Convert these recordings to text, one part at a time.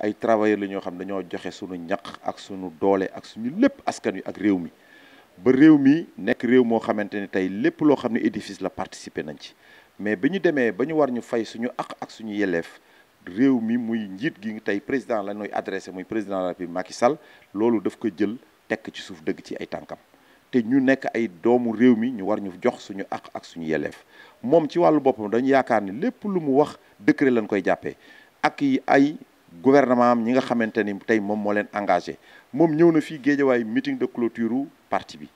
ay travailleurs la ñoo xam dañoo joxe suñu ñaq ak suñu doole ak suñu lépp askan wi ak réew mi ba réew mi nekk réew moo xamante ne tey lépp loo xam ne édifice la participer nañ ci mais bi ñu demee ba ñu war ñu fay suñu ak ak suñu yelleef réew mi muy njiit gi tey président la ñuy adressé muy président de la République Macky Sall loolu daf ko jël tekk ci suuf dëgg ci ay tànkam te ñu nekk ay doomu réew mi ñu war ñu jox suñu ak ak suñu yelleef moom ci wàllu boppam dañu yaakaar ni lépp lu mu wax décret lañ koy jàppee ak ay gouvernement am ñi nga xamante ni tey moom moo leen engagé moom ñëw na fii géejawaay meeting de clôture u parti bi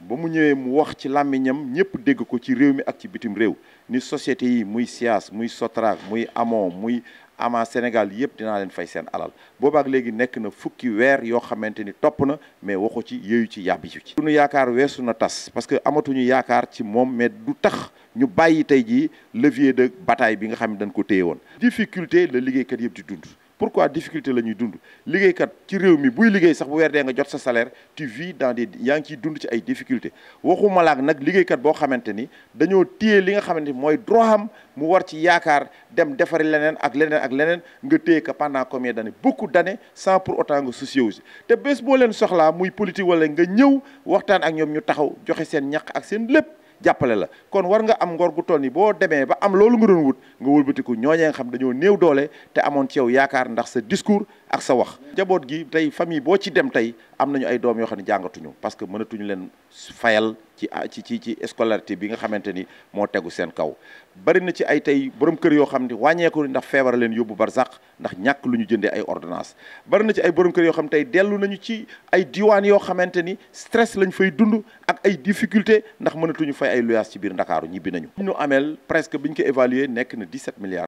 ba mu ñëwee mu wax ci làmmiñam ñëpp dégg ko ci réew mi ak ci bitim réew ni société yi muy SIAS muy SOTRAC muy amoo muy ama Sénégal yëpp dinaa leen fay seen alal boobaak léegi nekk na fukki weer yoo xamante ni topp na mais waxu ci yooyu ci yàbbi ci suñu yaakaar weesu na tas parce que amatuñu yaakaar ci moom mais du tax ñu bàyyi tey jii levier de bataille bi nga xam ne dañ ko téye woon difficulté la liggéeykat yëpp di dund pourquoi difficulté la ñuy dund kat ci buy bu sa salaire tu vis dans des yang ngi dund ci ay difficultés waxuma lak nak liggéeykat kat bo xamanteni dañoo li nga mu war dem défar ak ak nga pendant combien d'années beaucoup d'années sans pour autant nga té te bés boo politique wala nga ñëw ak ñom ñu taxaw jàppale la kon war nga am ngor gu toll ni boo demee ba am loolu nga doon wut nga wëlbatiku ñooñee nga xam dañoo néew doole te amoon ci yow yaakaar ndax sa discours ak sa wax jaboot gi tey famille boo ci dem tey am nañu ay doom yoo xam ne jàngatuñu parce que mënatuñu leen fayal ci ci ci ci scolarité bi nga xamante ni moo tegu seen kaw bari na ci ay tey borom kër yoo xam ne wàññeeku ndax feebar leen yóbbu barsàq ndax ñàkk lu ñu jëndee ay ordinance bari na ci ay borom kër yoo xam tey dellu nañu ci ay diwaan yoo xamante ni stress lañ fay dund ak ay difficulté ndax mënatuñu fay ay luyaas ci biir ndakaaru ñibbi nañu ñu ameel presque bi ko évaluer nekk na 17 milliards